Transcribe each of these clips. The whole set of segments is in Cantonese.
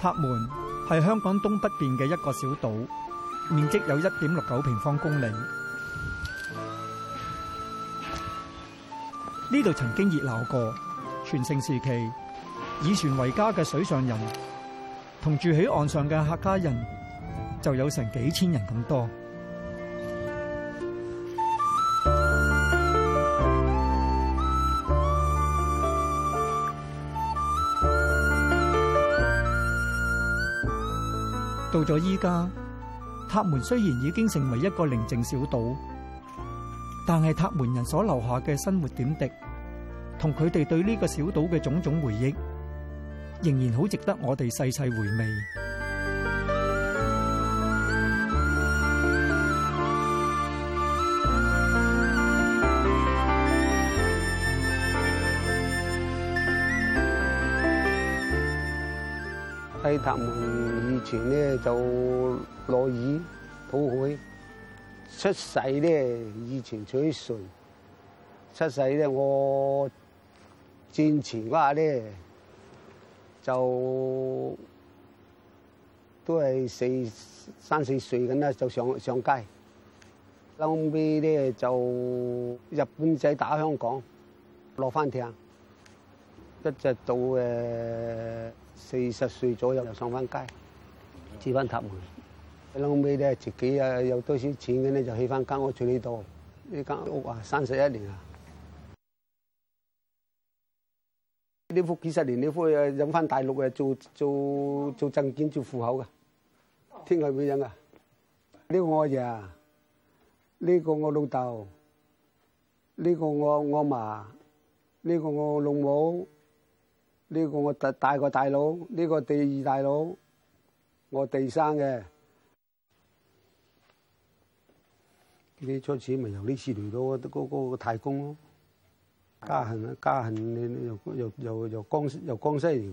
塔門係香港東北邊嘅一個小島，面積有一點六九平方公里。呢度曾經熱鬧過，全盛時期，以船為家嘅水上人，同住喺岸上嘅客家人就有成幾千人咁多。到咗依家，塔門雖然已經成為一個寧靜小島，但係塔門人所留下嘅生活點滴，同佢哋對呢個小島嘅種種回憶，仍然好值得我哋細細回味。喺塔門。以前咧就落雨、暴雨，出世咧以前取水，出世咧我戰前嗰下咧就都係四三四歲咁啦，就上上街，後尾咧就日本仔打香港，落翻艇，一直到誒四十歲左右又上翻街。置翻塔門，老尾咧自己啊有多少錢嘅咧就起翻間屋住呢度，呢間屋啊三十一年啊，呢幅幾十年呢幅啊飲翻大陸嘅做做做證件做戶口㗎，天下係咩樣啊？呢個我爺啊，呢個我老豆，呢個我我阿嫲，呢個我老母，呢個我大個大佬，呢個第二大佬。我地生嘅，呢啲出錢咪由呢次嚟到嗰嗰個太公咯，家恆啊家恆你你又又又又江又江西嚟，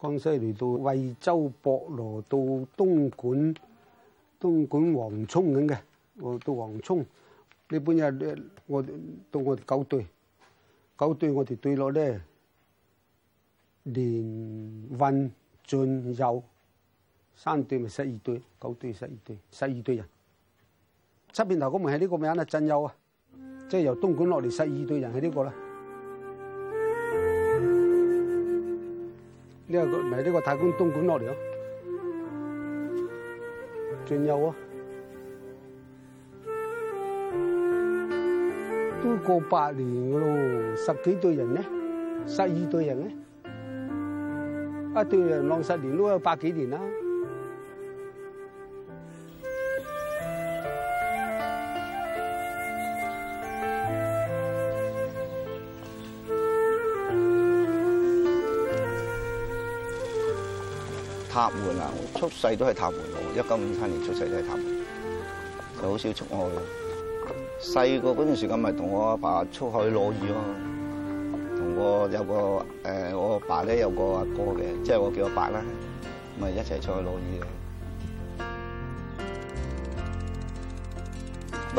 江西嚟到惠州博羅到東莞，東莞黃涌咁嘅，我到黃涌呢邊又我到我哋九隊，九隊我哋對落咧，連雲俊友。三隊咪十二隊，九隊十二隊，十二隊人。出面頭嗰個係呢個名啊？振友啊，即係由東莞落嚟十二隊人係呢個啦。呢個咪呢個太公東莞落嚟咯。振友啊，都過百年噶咯，十幾隊人咧，十二隊人咧，一隊人浪十年都有百幾年啦。出世都係塔門佬，我一九五三年出世都係塔門佬，就好少出外。細個嗰段時間咪同我阿爸出去攞魚咯，同我有個誒，我阿爸咧有個阿哥嘅，即係我叫阿爸啦，咪一齊出去攞魚嘅。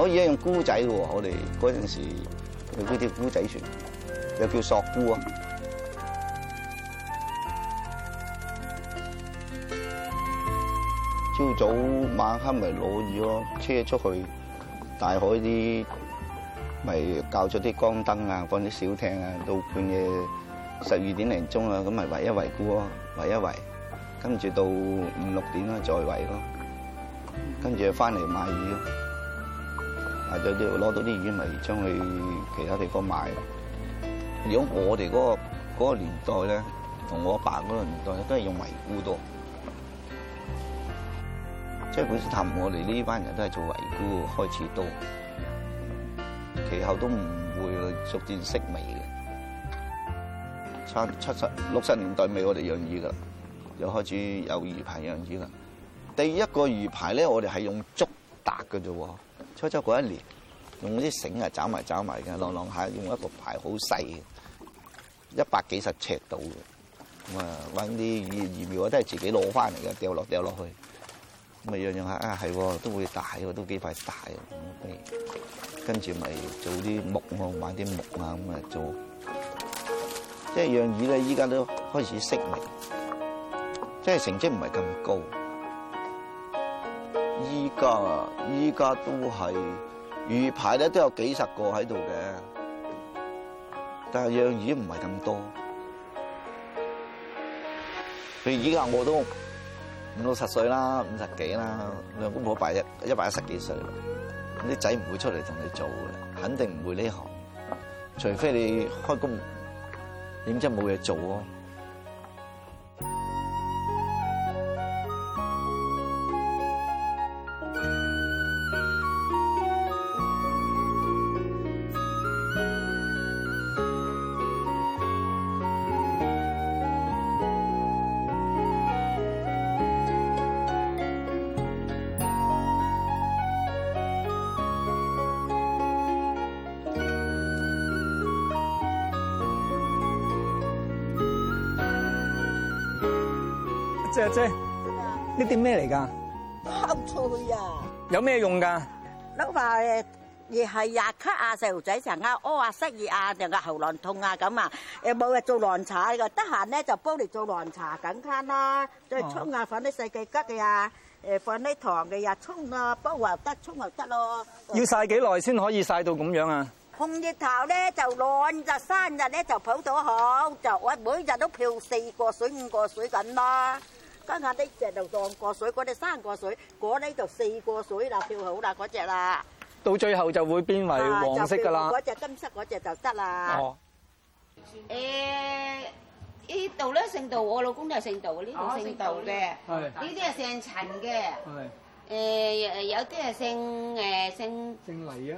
攞魚用姑仔嘅，我哋嗰陣時佢嗰啲姑仔船，又叫索姑啊。朝早晚黑咪攞魚咯，車出去大海啲咪校咗啲光燈啊，放啲小艇啊，到半夜十二點零鐘啊，咁咪圍一圍沽咯，圍一圍，跟住到五六點啦再圍咯，跟住翻嚟買魚咯，或者攞到啲魚咪將去其他地方賣。如果我哋嗰個嗰個年代咧，同我阿爸嗰個年代都係用圍沽多。即係本身，探我哋呢班人都係做圍菇開始多，其後都唔會去逐漸式微嘅。七七七六十年代尾，我哋養魚噶，又開始有魚排養魚啦。第一個魚排咧，我哋係用竹搭嘅啫。初初嗰一年用一砍來砍來，用啲繩啊，找埋找埋嘅，晾晾下用一個排好細嘅，一百幾十尺度嘅。咁啊，揾啲魚魚苗呀都係自己攞翻嚟嘅，掉落掉落去。咪養養下啊，係喎，都會大喎，都幾塊大。跟住咪做啲木哦，買啲木啊咁啊做。即係養魚咧，依家都開始適應，即係成績唔係咁高。依家啊，依家都係魚排咧都有幾十個喺度嘅，但係養魚唔係咁多，譬如而家我都。五六十歲啦，五十幾啦，兩公婆一百一一百一十幾歲，啲仔唔會出嚟同你做嘅，肯定唔會呢行，除非你開工，點知冇嘢做咯。阿姐，呢啲咩嚟噶？烤菜呀，有咩用噶？老話亦係廿咳啊，細路仔成日屙啊，失熱啊，成個喉嚨痛啊咁啊，又冇話做涼茶嘅，得閒咧就煲嚟做涼茶咁啦。再沖下粉啲四季桔嘅呀，誒放啲糖嘅呀，沖咯煲又得，沖又得咯。要曬幾耐先可以曬到咁樣啊？紅熱頭咧就兩日三日咧就泡到好，就我每日都漂四個水五個水咁啦。家下呢隻就當過水，嗰隻三過水，嗰呢就四過水啦，跳好啦，嗰隻啦。到最後就會變為黃色噶啦。嗰隻金色嗰隻就得啦。哦。誒，呢度咧姓杜，我老公都係姓杜嘅，呢度姓杜嘅。係。呢啲係姓陳嘅。係。誒，有啲係姓誒姓。姓黎啊！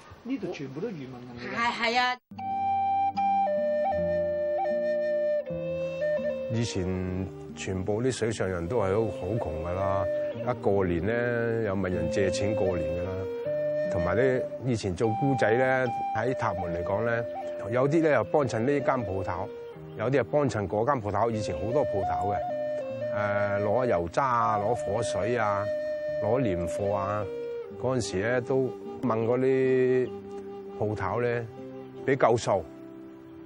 呢度全部都漁民嚟，係啊！以前全部啲水上人都係好好窮噶啦，一過年咧又問人借錢過年噶啦，同埋啲以前做姑仔咧喺塔門嚟講咧，有啲咧又幫襯呢間鋪頭，有啲又幫襯嗰間鋪頭。以前好多鋪頭嘅，誒、呃、攞油渣啊，攞火水啊，攞年貨啊，嗰陣時咧都。問嗰啲鋪頭咧，俾夠數，誒、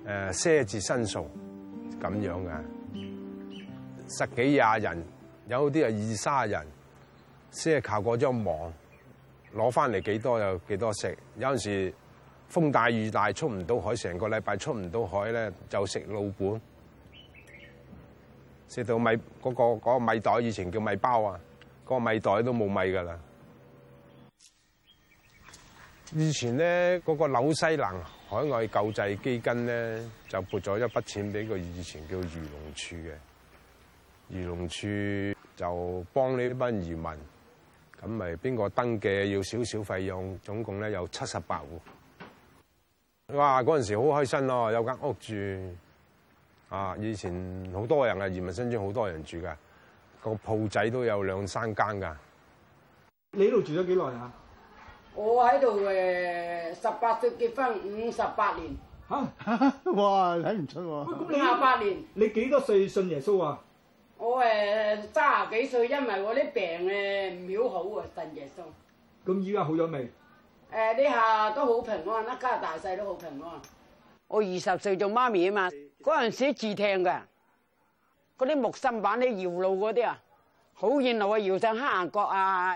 呃，賒字新數，咁樣啊，十幾廿人，有啲係二卅人，先係靠嗰張網攞翻嚟幾多又幾多食，有陣時候風大雨大出唔到海，成個禮拜出唔到海咧，就食老本，食到米嗰、嗰個、嗰個米袋，以前叫米包啊，嗰、嗰個米袋都冇米噶啦。以前咧，嗰個紐西蘭海外救濟基金咧，就撥咗一筆錢俾個以前叫漁農處嘅，漁農處就幫呢班移民，咁咪邊個登記要少少費用，總共咧有七十八戶。哇！嗰陣時好開心咯，有間屋住啊！以前好多人嘅漁民新村，好多人住嘅，個鋪仔都有兩三間噶。你呢度住咗幾耐啊？我喺度誒，十八歲結婚，五十八年。嚇、啊！哇，睇唔出喎。五、啊、十八年。你幾多歲信耶穌啊？我誒卅幾歲，因為我啲病誒唔了好啊，信耶穌。咁依家好咗未？誒，呢下都好平安，一家大細都好平安。我二十歲做媽咪啊嘛，嗰陣時自聽噶，嗰啲木心版啲搖路嗰啲啊，好遠路啊，搖上黑岩角啊。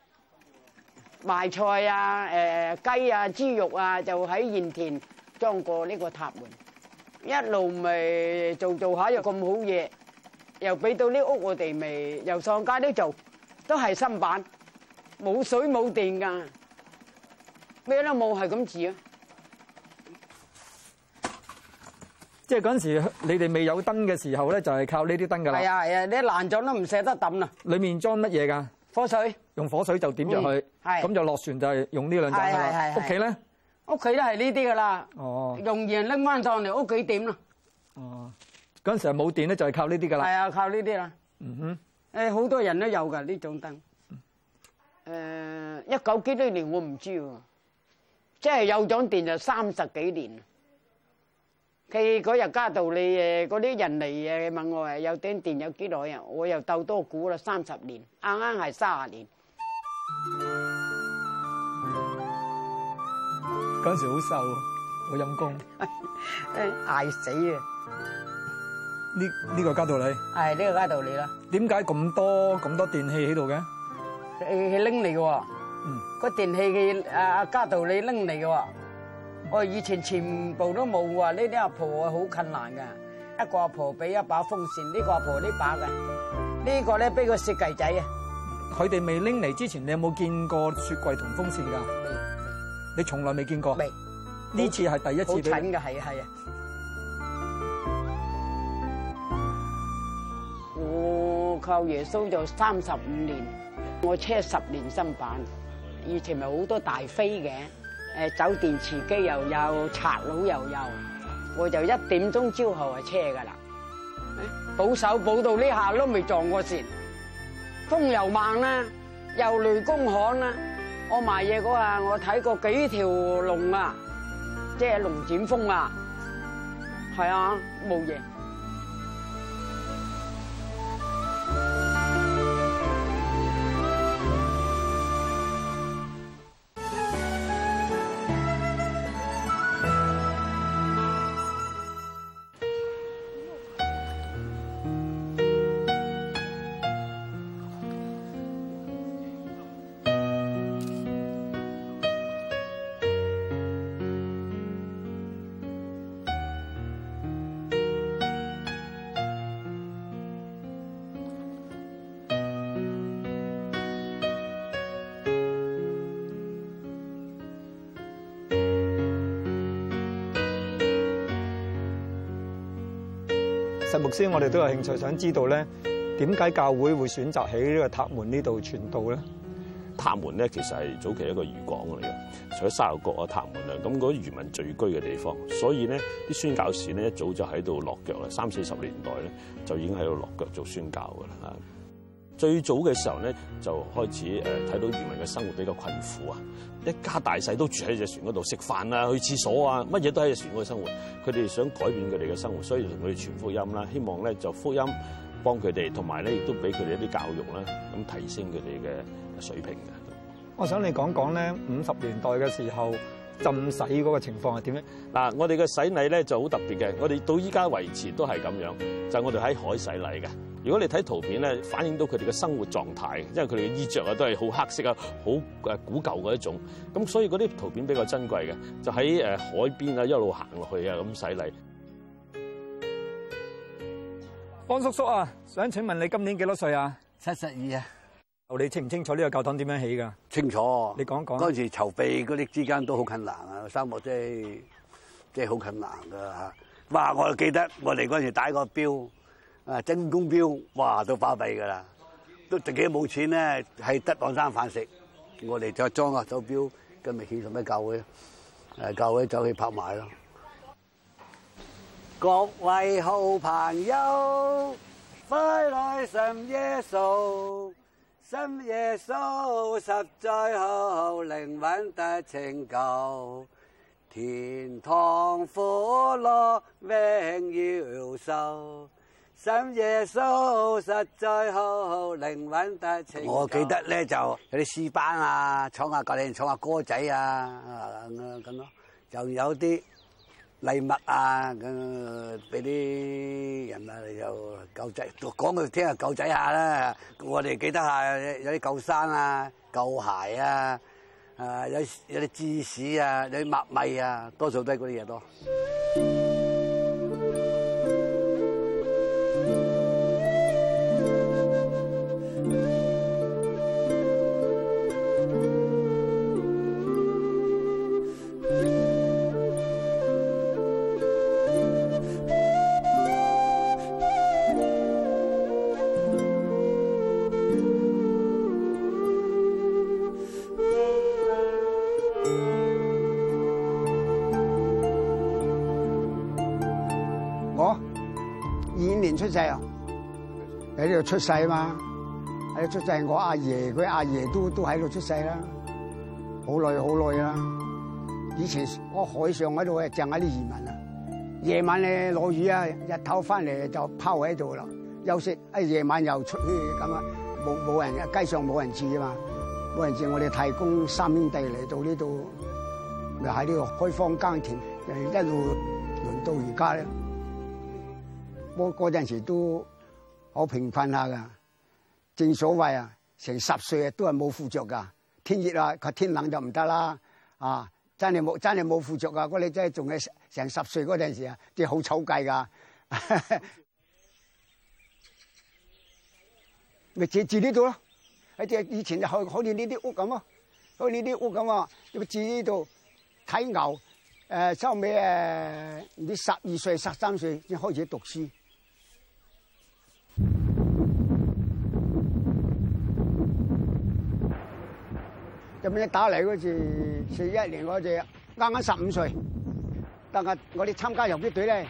賣菜啊，誒雞啊，豬肉啊，就喺鹽田裝過呢個塔門，一路咪做做下又咁好嘢，又俾到呢屋我哋咪又上街咧，就都係新版，冇水冇電噶，咩都冇，係咁住啊！即係嗰陣時你哋未有燈嘅時候咧，就係靠呢啲燈噶啦。係啊，係啊，你爛咗都唔捨得抌啦。裏面裝乜嘢噶？火水用火水就點著佢，咁就落船就係用呢兩種噶啦。屋企咧，屋企都係呢啲噶啦，用完拎翻上嚟屋企點咯。哦，嗰陣時冇電咧就係靠呢啲噶啦。係啊，靠呢啲啦。嗯哼，誒好多人都有噶呢種燈。誒一九幾多年我唔知喎，即係有咗電就三十幾年。佢嗰日嘉道理誒嗰啲人嚟誒問我誒有點電有幾耐啊？我又鬥多估啦，三十年，啱啱係三啊年。嗰陣時好瘦，好陰功，誒捱死啊！呢呢個嘉道理係呢個嘉道理啦。點解咁多咁多電器喺度嘅？佢佢拎嚟嘅喎，個電器佢阿阿嘉道理拎嚟嘅喎。我以前全部都冇啊！呢啲阿婆啊好困難噶，一個阿婆俾一把風扇，呢、這個阿婆把、這個、呢把嘅，呢個咧俾個雪櫃仔啊！佢哋未拎嚟之前，你有冇見過雪櫃同風扇噶？你從來未見過？未，呢次係第一次。好嘅係啊係啊！我、哦、靠耶穌做三十五年，我車十年新版，以前咪好多大飛嘅。誒，走電池機又有拆佬又有，我就一點鐘朝後係車噶啦，保、哎、守保到呢下都未撞過線，風又猛啦、啊，又雷公響啦、啊，我賣嘢嗰日我睇過幾條龍啊，即係龍捲風啊，係啊冇嘢。實牧師，我哋都有興趣想知道咧，點解教會會選擇喺呢個塔門這裡呢度傳道咧？塔門咧，其實係早期一個漁港嚟嘅，除咗沙頭角啊、塔門啊，咁嗰啲漁民聚居嘅地方，所以咧，啲宣教士咧一早就喺度落腳啦，三四十年代咧就已經喺度落腳做宣教噶啦嚇。最早嘅時候咧，就開始誒睇到漁民嘅生活比較困苦啊，一家大細都住喺隻船嗰度食飯啊，去廁所啊，乜嘢都喺隻船嗰度生活。佢哋想改變佢哋嘅生活，所以同佢哋傳福音啦，希望咧就福音幫佢哋，同埋咧亦都俾佢哋一啲教育啦，咁提升佢哋嘅水平嘅。我想你講講咧，五十年代嘅時候。浸洗嗰個情況係點咧？嗱，我哋嘅洗禮咧就好特別嘅，我哋到依家維持都係咁樣，就係，我哋喺海洗禮嘅。如果你睇圖片咧，反映到佢哋嘅生活狀態，因為佢哋嘅衣着啊都係好黑色啊，好誒古舊嗰一種。咁所以嗰啲圖片比較珍貴嘅，就喺誒海邊啊一路行落去啊咁洗禮。方叔叔啊，想請問你今年幾多歲啊？七十二啊。你清唔清楚呢個教堂點樣起噶？清楚。你講講。嗰陣時籌備嗰啲之間都好困難啊，沙漠真係真係好困難噶吓。哇！我記得我哋嗰陣時打個標，啊，精工標，哇，都花費噶啦，都自己冇錢咧，係得兩餐飯食。我哋再裝下手錶，今住起十咩教會，誒，教會走去拍賣咯。各位好朋友，快來上耶穌。信耶穌，實在好，好，靈魂得拯救。甜糖苦樂命要受。信耶穌，實在好，好，靈魂得情。我記得呢，就有啲詩班啊，唱下隔下，隔下歌仔啊，咁、啊、咯、啊啊，就有啲。禮物啊，咁俾啲人啊又狗仔講佢聽下狗仔下啦，我哋記得下有啲舊衫啊、舊鞋啊，啊有有啲芝士啊、有啲麥米啊，多數都係嗰啲嘢多。出世啊！喺呢度出世啊嘛，喺度出世我阿爺佢阿爺都都喺度出世啦，好耐好耐啊！以前我海上嗰度啊，淨係啲漁民啊，夜晚咧落雨啊，日頭翻嚟就拋喺度啦，休息。啊，夜晚又出去咁啊，冇冇人，街上冇人住啊嘛，冇人住我哋太公三兄弟嚟到呢度，咪喺呢度開荒耕田，一路輪到而家咧。我嗰陣時都好平困下噶，正所謂啊，成十歲都係冇褲着噶。天熱啊，佢天冷就唔得啦。啊，真係冇真係冇褲着噶。你真係仲係成十歲嗰陣時啊，啲好醜計噶。咪住住呢度咯，即係以前就好好似呢啲屋咁咯，好似呢啲屋咁啊，要住呢度睇牛。誒，收尾誒，你十二歲十三歲先開始讀書。就咩打嚟嗰次？四一年嗰隻，啱啱十五歲，但係我哋參加遊擊隊咧，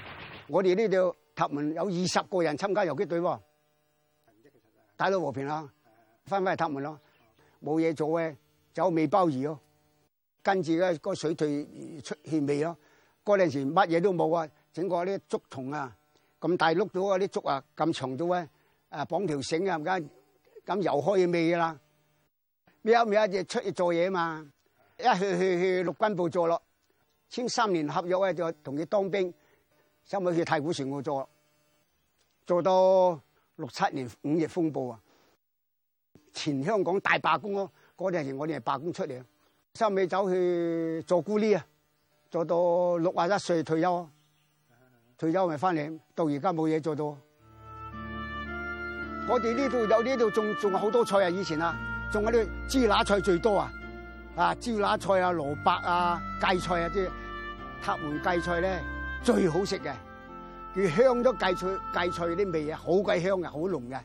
我哋呢度塔門有二十個人參加遊擊隊喎。打到和平啦，翻返去塔門咯，冇嘢做咧，走尾鮑魚咯。跟住咧，個水退出氣味咯。嗰陣時乜嘢都冇啊，整個啲竹蟲啊，咁大碌到啊啲竹啊，咁長到咧，誒綁條繩啊，咁咁遊開嘅味啦。咩啊咩啊，就出去做嘢啊嘛！一去去去陸軍部做咯，簽三年合約啊，就同佢當兵。收尾去太古船塢做，做到六七年五月風暴啊！前香港大罷工咯，嗰陣時我哋係罷工出嚟。收尾走去做咕喱啊，做到六啊一歲退休，退休咪翻嚟，到而家冇嘢做到。我哋呢度有呢度種種好多菜啊，以前啊！種嗰啲豬乸菜最多啊！啊，豬乸菜啊，蘿蔔啊，芥菜啊，即啲塔門芥菜咧最好食嘅，佢香都芥菜芥菜啲味啊，好鬼香啊，好濃嘅，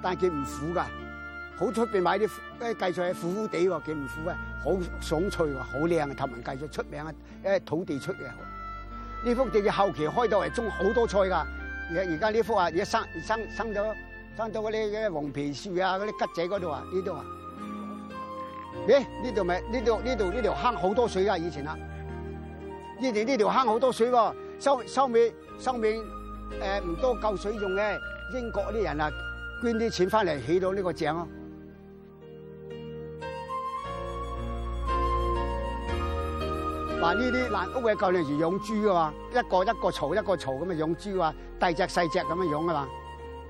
但係佢唔苦噶好出邊買啲芥菜係苦苦地喎，佢唔苦啊，好爽脆喎，好靚嘅，塔門芥菜出名啊，誒，土地出嘅。呢幅地後期開到嚟種好多菜噶而而家呢幅啊，而家生生生咗。生到嗰啲嘅黃皮樹啊，嗰啲桔仔嗰度啊，呢度啊，咦，呢度咪呢度呢度呢條坑好多水啊，以前啊，呢條呢條坑好多水、啊，收收尾收尾誒唔多夠水用嘅，英國啲人啊捐啲錢翻嚟起到呢個井咯、啊。嗱呢啲爛屋嘅舊，例如養豬啊嘛，一個一個槽一個槽咁啊養豬啊，大隻細隻咁啊養啊嘛。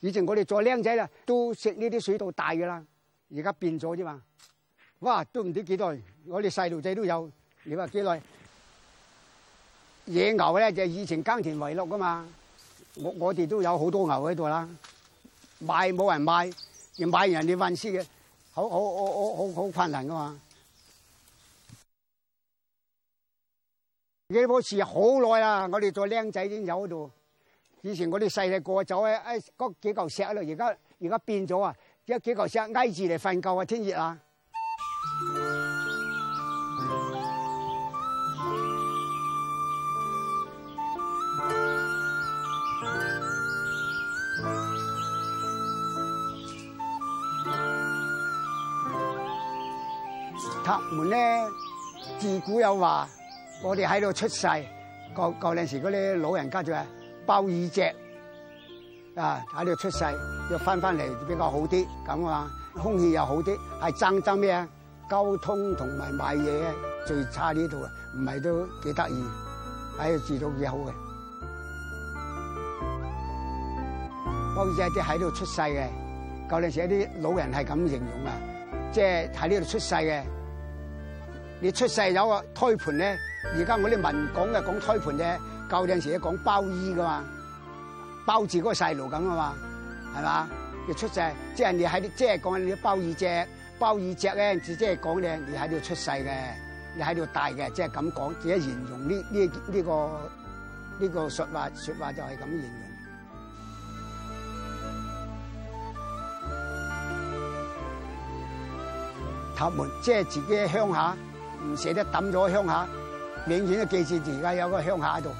以前我哋做僆仔啦，都食呢啲水稻大噶啦，而家變咗啫嘛。哇，都唔知幾耐，我哋細路仔都有。你話幾耐？野牛咧就以前耕田為樂噶嘛。我我哋都有好多牛喺度啦，賣冇人買，要買人哋運輸嘅，好好好好好困難噶嘛。呢樖樹好耐啦，我哋做僆仔已經有喺度。以前我哋細細個走，哎嗰幾嚿石啊！而家而家變咗啊！有幾嚿石挨住嚟瞓覺啊，天熱啊 塔門呢，自古有話，我哋喺度出世，舊陣時嗰啲老人家仲、就係胞衣仔啊喺呢度出世，又翻翻嚟比較好啲咁啊，空氣又好啲。係爭爭咩啊？交通同埋買嘢最差呢度啊，唔係都幾、哎、得意，喺度住到幾好嘅。胞衣仔啲喺呢度出世嘅，舊陣時有啲老人係咁形容啊，即係喺呢度出世嘅。你出世有個胎盤咧，而家我哋文講嘅講胎盤嘅。舊陣時佢講包衣噶嘛，包住嗰個細路咁啊嘛，係嘛？你出世，即係你喺，即係講你包二只，包二只咧，即係講你你喺度出世嘅，你喺度大嘅，即係咁講，自己形容呢呢呢個呢個說話說話就係咁形容。塔門即係自己喺鄉下，唔捨得抌咗鄉下，永遠都記住而家有個鄉下喺度。